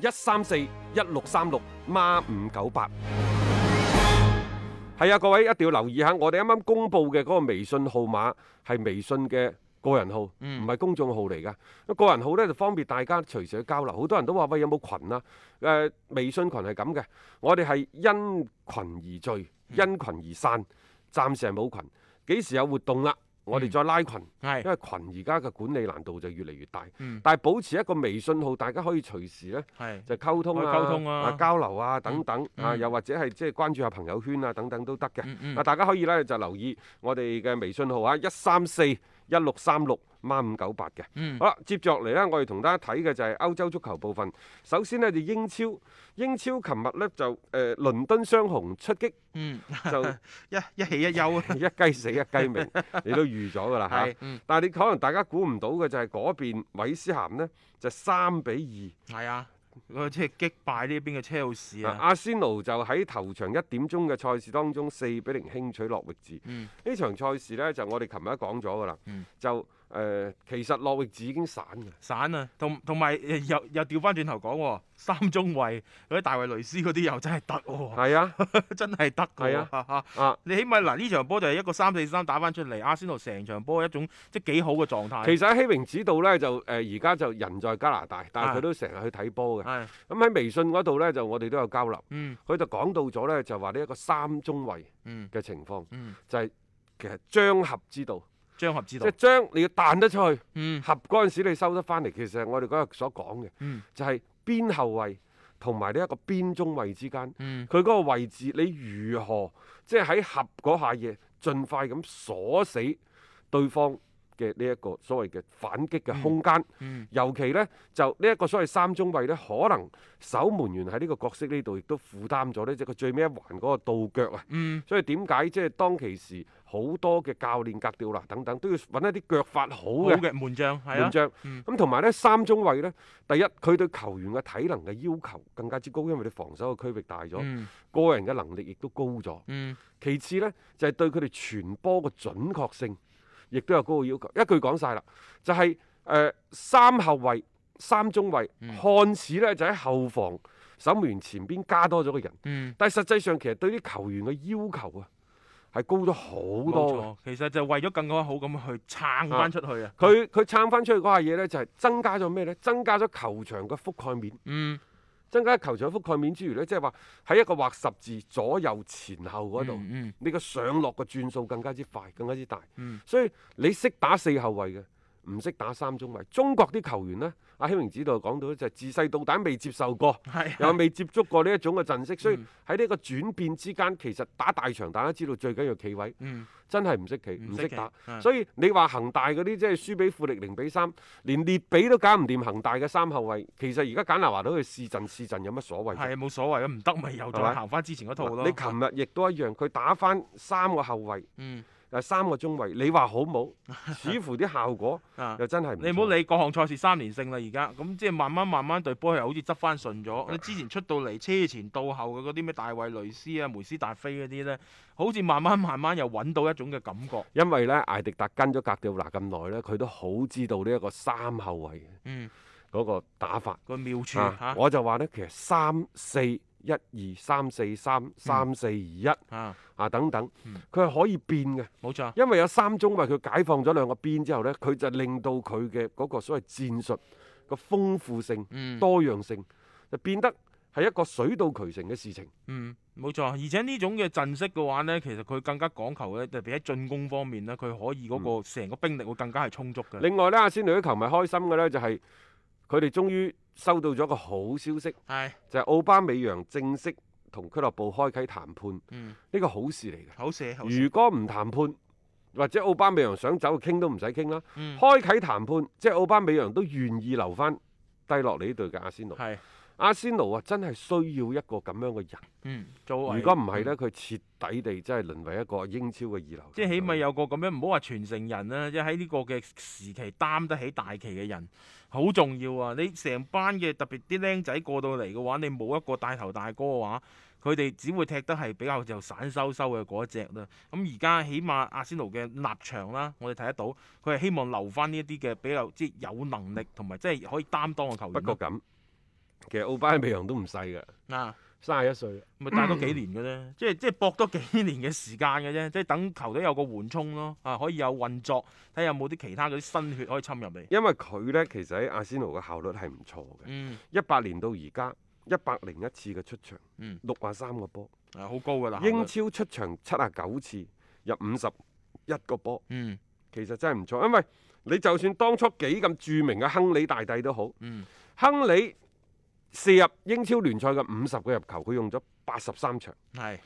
一三四一六三六孖五九八，係啊！各位一定要留意下，我哋啱啱公布嘅嗰個微信號碼係微信嘅個人號，唔係公眾號嚟噶。咁個人號呢就方便大家隨時去交流。好多人都話喂，有冇群啊？誒、呃，微信群係咁嘅，我哋係因群而聚，因群而散，暫時係冇群，幾時有活動啦、啊？我哋再拉群，嗯、因為群而家嘅管理難度就越嚟越大。嗯、但係保持一個微信號，大家可以隨時咧是就溝通啦、啊啊啊、交流啊等等、嗯、啊，又或者係即係關注下朋友圈啊等等都得嘅。嗱、嗯啊，大家可以咧就留意我哋嘅微信號啊，一三四，一六三六孖五九八嘅，36，嗯、好啦，接住嚟呢，我哋同大家睇嘅就係歐洲足球部分。首先呢，就英超，英超琴日呢，就誒、呃、倫敦雙雄出擊，嗯、就一 一起一休 一雞死一雞鳴，你都預咗㗎喇吓。啊嗯、但係你可能大家估唔到嘅就係嗰邊，韋斯咸呢，就三比二。係啊。佢即係擊敗呢一邊嘅車路士啊，啊！阿仙奴就喺頭場一點鐘嘅賽事當中，四比零輕取諾域治。呢、嗯、場賽事呢，就我哋琴日講咗㗎啦，嗯、就。誒，其實諾域治已經散嘅，散啊，同同埋又又調翻轉頭講喎，三中衞嗰啲大衛雷斯嗰啲又真係得喎，係啊，真係得嘅，啊，你起碼嗱呢場波就係一個三四三打翻出嚟，阿仙奴成場波一種即係幾好嘅狀態。其實喺希榮指導咧就誒，而、呃、家就人在加拿大，但係佢都成日去睇波嘅，咁喺微信嗰度咧就我哋都有交流，佢就講到咗咧就話呢一個三中衞嘅情況，嗯嗯、就係其實張合知道。張合之道，即係張你要彈得出去，嗯、合嗰陣時你收得翻嚟，其實係我哋嗰日所講嘅，嗯、就係邊後衞同埋呢一個邊中衞之間，佢嗰、嗯、個位置你如何即係喺合嗰下嘢，盡快咁鎖死對方。嘅呢一個所謂嘅反擊嘅空間，尤其呢，就呢一個所謂三中衛呢，可能守門員喺呢個角色呢度亦都負擔咗呢即佢最尾一環嗰個倒腳啊。所以點解即係當其時好多嘅教練格調啦等等，都要揾一啲腳法好嘅門將，咁同埋呢三中衛呢，第一佢對球員嘅體能嘅要求更加之高，因為你防守嘅區域大咗，個人嘅能力亦都高咗。其次呢，就係對佢哋傳波嘅準確性。亦都有高嘅要求，一句講晒啦，就係、是、誒、呃、三後衞、三中衞，嗯、看似咧就喺後防守門員前邊加多咗個人，嗯、但係實際上其實對啲球員嘅要求啊係高咗好多。冇錯，其實就為咗更加好咁去撐翻出去啊！佢佢、啊啊、撐翻出去嗰下嘢咧，就係增加咗咩咧？增加咗球場嘅覆蓋面。嗯。增加球場覆蓋面之餘呢，即係話喺一個畫十字左右前後嗰度，嗯嗯、你個上落嘅轉數更加之快，更加之大。嗯、所以你識打四後衞嘅。唔識打三中位，中國啲球員呢，阿希明指導講到咧就自細到大未接受過，又未接觸過呢一種嘅陣式，所以喺呢個轉變之間，其實打大場大家知道最緊要企位，真係唔識企，唔識打，所以你話恒大嗰啲即係輸俾富力零比三，連列比都搞唔掂恒大嘅三後衞，其實而家簡拿華都去試陣試陣，有乜所謂？係冇所謂啊，唔得咪又再行翻之前嗰套咯。你琴日亦都一樣，佢打翻三個後衞。誒三個中衞，你話好冇？似乎啲效果又真係唔錯、 啊、你唔好理各項賽事三連勝啦，而家咁即係慢慢慢慢對波又好似執翻順咗。啊、你之前出到嚟車前到後嘅嗰啲咩大衛雷斯啊、梅斯達菲嗰啲咧，好似慢慢慢慢又揾到一種嘅感覺。因為咧，艾迪達跟咗哥迪奧拿咁耐咧，佢都好知道呢一個三後衞嘅嗰個打法、嗯嗯、個妙處嚇。啊啊、我就話咧，其實三四。一二三四三三四二一啊啊，等等，佢係、嗯、可以變嘅，冇錯。因為有三中衛，佢解放咗兩個邊之後呢，佢就令到佢嘅嗰個所謂戰術、嗰個豐富性、嗯、多樣性就變得係一個水到渠成嘅事情。嗯，冇錯。而且呢種嘅陣式嘅話呢，其實佢更加講求咧，特別喺進攻方面呢，佢可以嗰、嗰個成、嗯、個兵力會更加係充足嘅。另外呢，阿仙奴球迷開心嘅呢、就是，就係佢哋終於。收到咗個好消息，是就係奧巴梅揚正式同俱樂部開啟談判，呢個、嗯、好事嚟嘅。好事，如果唔談判或者奧巴梅揚想走，傾都唔使傾啦。嗯、開啟談判，即、就、係、是、奧巴梅揚都願意留翻，低落嚟呢隊嘅阿仙奴。阿仙奴啊，真係需要一個咁樣嘅人。嗯，做如果唔係咧，佢、嗯、徹底地真係淪為一個英超嘅二流。即係起碼有個咁樣，唔好話傳承人啦、啊，即喺呢個嘅時期擔得起大旗嘅人，好重要啊！你成班嘅特別啲僆仔過到嚟嘅話，你冇一個帶頭大哥嘅話，佢哋只會踢得係比較就散收收嘅嗰一隻啦。咁而家起碼阿仙奴嘅立場啦、啊，我哋睇得到，佢係希望留翻呢一啲嘅比較即係有能力同埋即係可以擔當嘅球員。不過咁。其實奧巴梅楊都唔細嘅，啊，三十一歲，咪帶多幾年嘅啫，嗯，即係即係搏多幾年嘅時間嘅啫，即係等球隊有個緩衝咯，啊，可以有運作，睇下有冇啲其他嗰啲新血可以侵入嚟。因為佢咧，其實喺阿仙奴嘅效率係唔錯嘅。嗯，一八年到而家一百零一次嘅出場，六十三個波，好、啊、高噶啦。英超出場七啊九次，入五十一個波，嗯，其實真係唔錯。因為你就算當初幾咁著名嘅亨利大帝都好，嗯，亨利。射入英超聯賽嘅五十個入球，佢用咗八十三場。係是，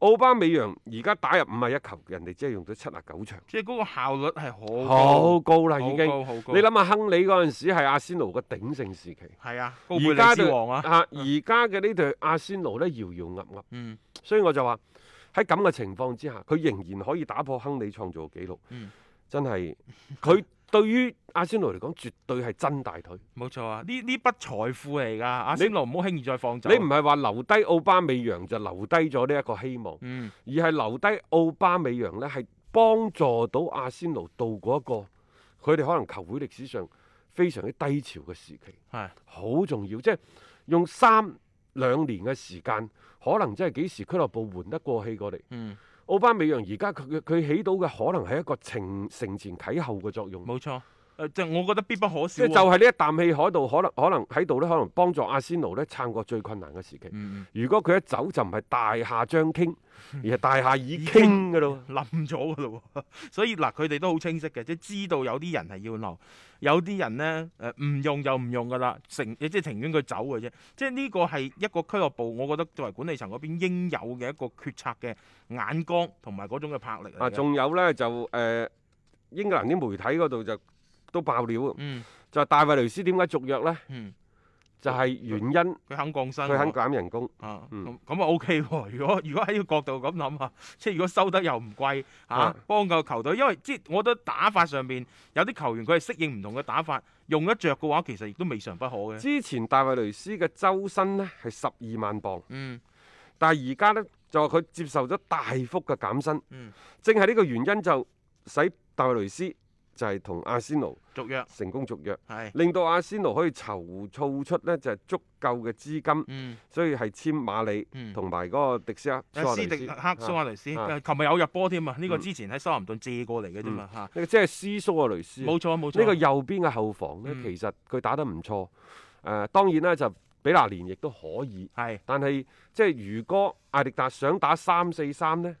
奧巴美揚而家打入五十一球，人哋只係用咗七十九場。即係嗰個效率係好好高啦已經。你諗下亨利嗰陣時係阿仙奴嘅鼎盛時期。係啊，高貝利之王啊。而家嘅呢隊阿仙奴呢，搖搖岌岌。嗯。所以我就話喺咁嘅情況之下，佢仍然可以打破亨利創造嘅紀錄。嗯、真係，佢。對於阿仙奴嚟講，絕對係真大腿。冇錯啊！呢呢筆財富嚟㗎，阿仙奴唔好輕易再放走。你唔係話留低奧巴美揚就留低咗呢一個希望，嗯、而係留低奧巴美揚呢，係幫助到阿仙奴度過一個佢哋可能球會歷史上非常之低潮嘅時期。係好是重要，即係用三兩年嘅時間，可能即係幾時俱樂部換得過氣過嚟。嗯。奧巴梅揚而家佢，佢起到嘅可能係一個承承前啟後嘅作用。冇錯。誒，即係我覺得必不可少，啊。即係就係呢一啖氣，喺度可能可能喺度咧，可能幫助阿仙奴咧撐過最困難嘅時期。嗯、如果佢一走，就唔係大廈將傾，而係大廈已傾噶咯，冧咗噶咯。所以嗱，佢哋都好清晰嘅，即係知道有啲人係要留，有啲人咧誒唔用就唔用噶啦，成即係情願佢走嘅啫。即係呢個係一個俱樂部，我覺得作為管理層嗰邊應有嘅一個決策嘅眼光同埋嗰種嘅魄力。啊，仲有咧就誒、呃、英格蘭啲媒體嗰度就。都爆料啊！就係戴維雷斯點解續約咧？就係原因。佢肯降薪，佢肯減人工。啊，咁啊 OK 喎！如果如果喺呢個角度咁諗啊，即係如果收得又唔貴，嚇幫夠球隊，因為即我覺得打法上面，有啲球員佢係適應唔同嘅打法，用得着嘅話，其實亦都未嘗不可嘅。之前戴維雷斯嘅周薪呢係十二萬磅，嗯，但係而家呢，就話佢接受咗大幅嘅減薪，嗯，正係呢個原因就使戴維雷斯。就係同阿仙奴續約成功，續約，係令到阿仙奴可以籌措出咧就係足夠嘅資金，所以係簽馬里同埋嗰個迪斯克蘇亞雷斯。阿斯迪克蘇亞雷斯，琴日有入波添啊！呢個之前喺桑林頓借過嚟嘅啫嘛嚇，呢個即係斯蘇亞雷斯冇錯冇錯。呢個右邊嘅後防咧，其實佢打得唔錯。誒，當然咧就比那連亦都可以係，但係即係如果艾迪達想打三四三咧，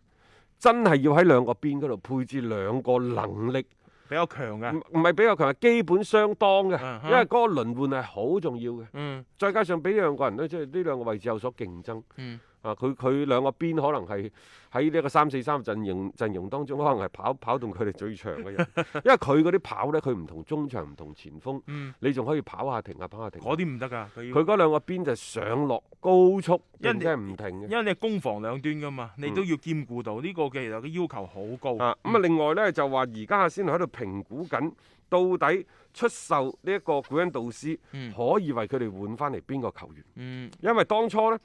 真係要喺兩個邊嗰度配置兩個能力。比較強嘅，唔唔係比較強，係基本相當嘅，嗯、哼因為嗰個輪換係好重要嘅，嗯、再加上俾呢兩個人咧，即係呢兩個位置有所競爭。嗯。啊！佢佢兩個邊可能係喺呢一個三四三陣型陣型當中，可能係跑跑動佢哋最長嘅人，因為佢嗰啲跑呢，佢唔同中場唔同前鋒，你仲可以跑下停下跑下停。嗰啲唔得噶，佢佢嗰兩個邊就上落高速，一啲唔停嘅。因為你攻防兩端噶嘛，你都要兼顧到呢個嘅，要求好高。咁啊，另外呢，就話而家阿仙奴喺度評估緊，到底出售呢一個古恩道斯可以為佢哋換翻嚟邊個球員？因為當初呢。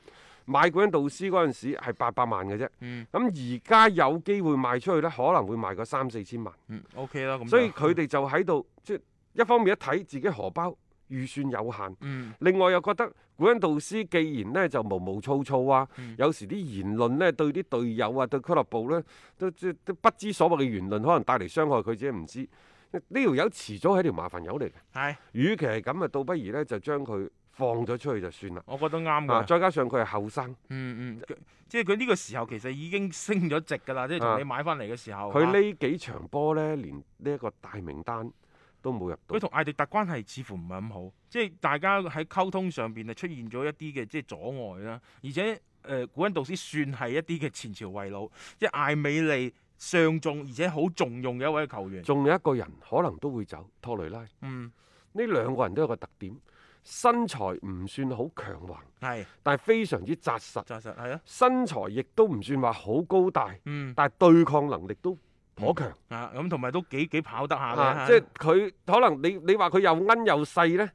買古恩導師嗰陣時係八百萬嘅啫，咁而家有機會賣出去呢，可能會賣個三四千萬。嗯，OK 啦。咁所以佢哋就喺度，即係、嗯、一方面一睇自己荷包預算有限，嗯、另外又覺得古恩導師既然呢就毛毛躁躁啊，嗯、有時啲言論呢對啲隊友啊，對俱樂部呢，都即都不知所謂嘅言論，可能帶嚟傷害佢，自己唔知呢條友遲早係條麻煩友嚟嘅。係的，與其係咁啊，倒不如呢就將佢，放咗出去就算啦，我覺得啱嘅、啊。再加上佢係後生，嗯嗯，他即係佢呢個時候其實已經升咗值㗎啦，啊、即係同你買翻嚟嘅時候。佢呢幾場波咧，連呢一個大名單都冇入到。佢同艾迪達關係似乎唔係咁好，即係大家喺溝通上邊就出現咗一啲嘅即係阻礙啦。而且誒、呃，古恩杜斯算係一啲嘅前朝遺老，即係艾美利上眾而且好重用嘅一位球員。仲有一個人可能都會走，托雷拉。嗯，呢兩個人都有個特點。身材唔算好強橫，係的，但係非常之紮實。紮實係咯。身材亦都唔算話好高大，嗯，但係對抗能力都頗強。啊、嗯，咁同埋都幾幾跑得下嘅。的 即係佢可能你你話佢又奀又細呢。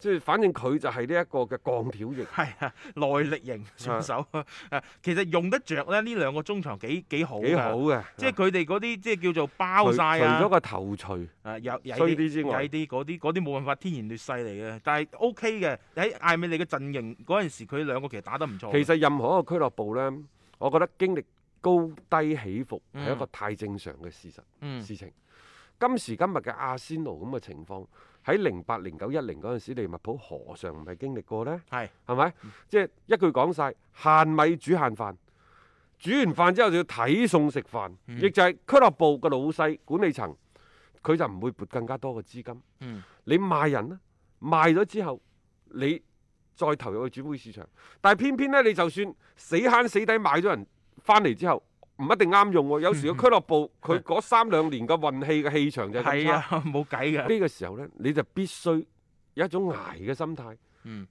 即係反正佢就係呢一個嘅鋼條型，係啊耐力型選手啊，其實用得着咧呢兩個中場幾幾好嘅，即係佢哋嗰啲即係叫做包晒，除咗個頭槌啊，有矮啲矮啲啲嗰啲冇辦法天然劣勢嚟嘅，但係 O K 嘅喺艾美利嘅陣營嗰陣時，佢兩個其實打得唔錯。其實任何一個俱樂部咧，我覺得經歷高低起伏係一個太正常嘅事實事情。今時今日嘅阿仙奴咁嘅情況。喺零八、零九、一零嗰陣時，利物浦何嘗唔係經歷過呢？係，係咪？即係一句講晒：限米煮限飯，煮完飯之後就要睇餸食飯。亦、嗯、就係俱樂部嘅老細、管理層，佢就唔會撥更加多嘅資金。嗯、你賣人咧，賣咗之後，你再投入去轉會市場，但係偏偏呢，你就算死慳死抵買咗人翻嚟之後。唔一定啱用喎，有時個俱樂部佢嗰 三兩年嘅運氣嘅氣場就係差，冇計嘅。呢個時候咧，你就必須有一種捱嘅心態，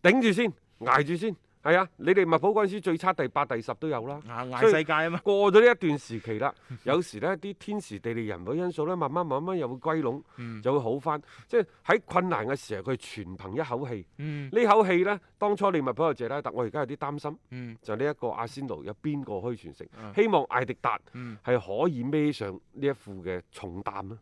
頂住先，捱住先。係啊，你哋利物浦嗰陣時最差第八、第十都有啦，啊、世界啊嘛，過咗呢一段時期啦， 有時呢啲天時地利人和因素呢，慢慢慢慢又會歸攏，嗯、就會好翻。即係喺困難嘅時候，佢全憑一口氣。呢、嗯、口氣呢，當初你利物浦有謝拉特，我而家有啲擔心，嗯、就呢一個阿仙奴有邊個可以傳承？嗯、希望艾迪達係可以孭上呢一副嘅重擔啊！